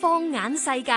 放眼世界，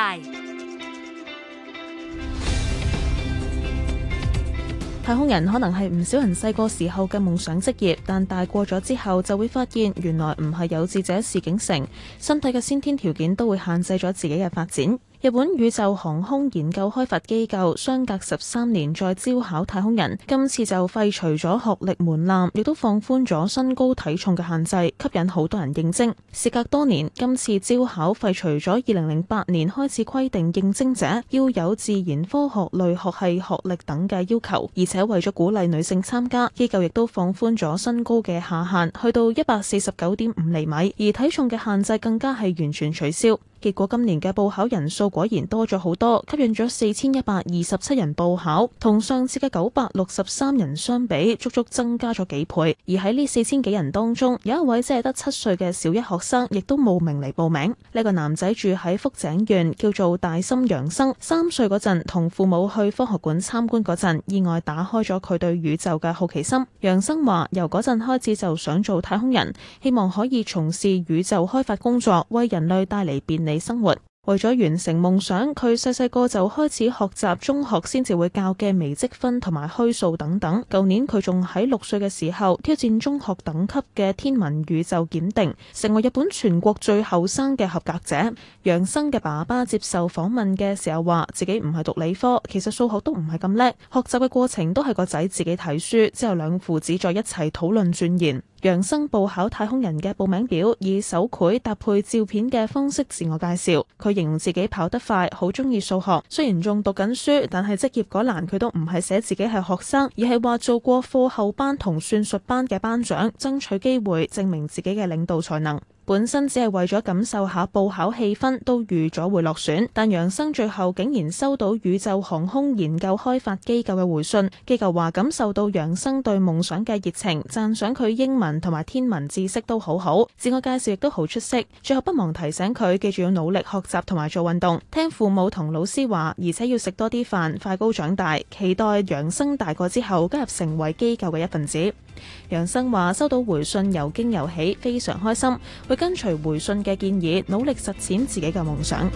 太空人可能係唔少人細個時候嘅夢想職業，但大個咗之後就會發現，原來唔係有志者事竟成，身體嘅先天條件都會限制咗自己嘅發展。日本宇宙航空研究開發機構相隔十三年再招考太空人，今次就廢除咗學歷門檻，亦都放寬咗身高體重嘅限制，吸引好多人應徵。事隔多年，今次招考廢除咗二零零八年開始規定應徵者要有自然科學類學系學歷等嘅要求，而且為咗鼓勵女性參加，機構亦都放寬咗身高嘅下限，去到一百四十九點五厘米，而體重嘅限制更加係完全取消。結果今年嘅報考人數果然多咗好多，吸引咗四千一百二十七人報考，同上次嘅九百六十三人相比，足足增加咗幾倍。而喺呢四千幾人當中，有一位只係得七歲嘅小一學生，亦都慕名嚟報名。呢、這個男仔住喺福井縣，叫做大森楊生。三歲嗰陣，同父母去科學館參觀嗰陣，意外打開咗佢對宇宙嘅好奇心。楊生話：由嗰陣開始就想做太空人，希望可以從事宇宙開發工作，為人類帶嚟便利。生活。為咗完成夢想，佢細細個就開始學習中學先至會教嘅微積分同埋虛數等等。舊年佢仲喺六歲嘅時候挑戰中學等級嘅天文宇宙檢定，成為日本全國最後生嘅合格者。楊生嘅爸爸接受訪問嘅時候話，自己唔係讀理科，其實數學都唔係咁叻，學習嘅過程都係個仔自己睇書，之後兩父子在一齊討論鑽研。楊生報考太空人嘅報名表以手繪搭配照片嘅方式自我介紹，佢形容自己跑得快，好中意數學。雖然仲讀緊書，但係職業嗰欄，佢都唔係寫自己係學生，而係話做過課後班同算術班嘅班長，爭取機會證明自己嘅領導才能。本身只係為咗感受下報考氣氛，都預咗會落選，但楊生最後竟然收到宇宙航空研究開發機構嘅回信，機構話感受到楊生對夢想嘅熱情，讚賞佢英文同埋天文知識都好好，自我介紹亦都好出色。最後不忘提醒佢記住要努力學習同埋做運動，聽父母同老師話，而且要食多啲飯快高長大。期待楊生大個之後加入成為機構嘅一份子。楊生話收到回信，又驚又喜，非常開心，會跟隨回信嘅建議，努力實踐自己嘅夢想。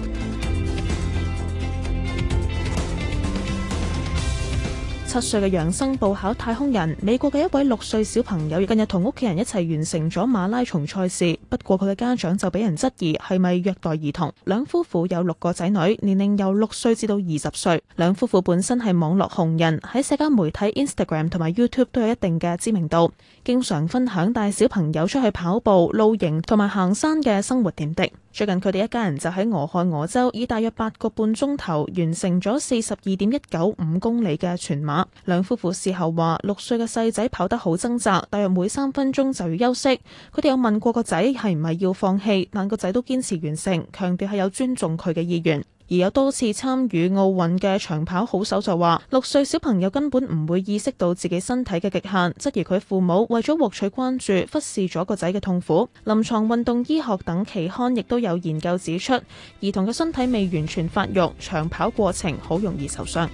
七歲嘅楊生報考太空人，美國嘅一位六歲小朋友近日同屋企人一齊完成咗馬拉松賽事，不過佢嘅家長就俾人質疑係咪虐待兒童。兩夫婦有六個仔女，年齡由六歲至到二十歲。兩夫婦本身係網絡紅人，喺社交媒體 Instagram 同埋 YouTube 都有一定嘅知名度，經常分享帶小朋友出去跑步、露營同埋行山嘅生活點滴。最近佢哋一家人就喺俄亥俄州以大約八個半鐘頭完成咗四十二點一九五公里嘅全馬。兩夫婦事後話：六歲嘅細仔跑得好掙扎，大約每三分鐘就要休息。佢哋有問過個仔係唔係要放棄，但個仔都堅持完成，強調係有尊重佢嘅意願。而有多次參與奧運嘅長跑好手就話：六歲小朋友根本唔會意識到自己身體嘅極限，質疑佢父母為咗獲取關注，忽視咗個仔嘅痛苦。臨床運動醫學等期刊亦都有研究指出，兒童嘅身體未完全發育，長跑過程好容易受傷。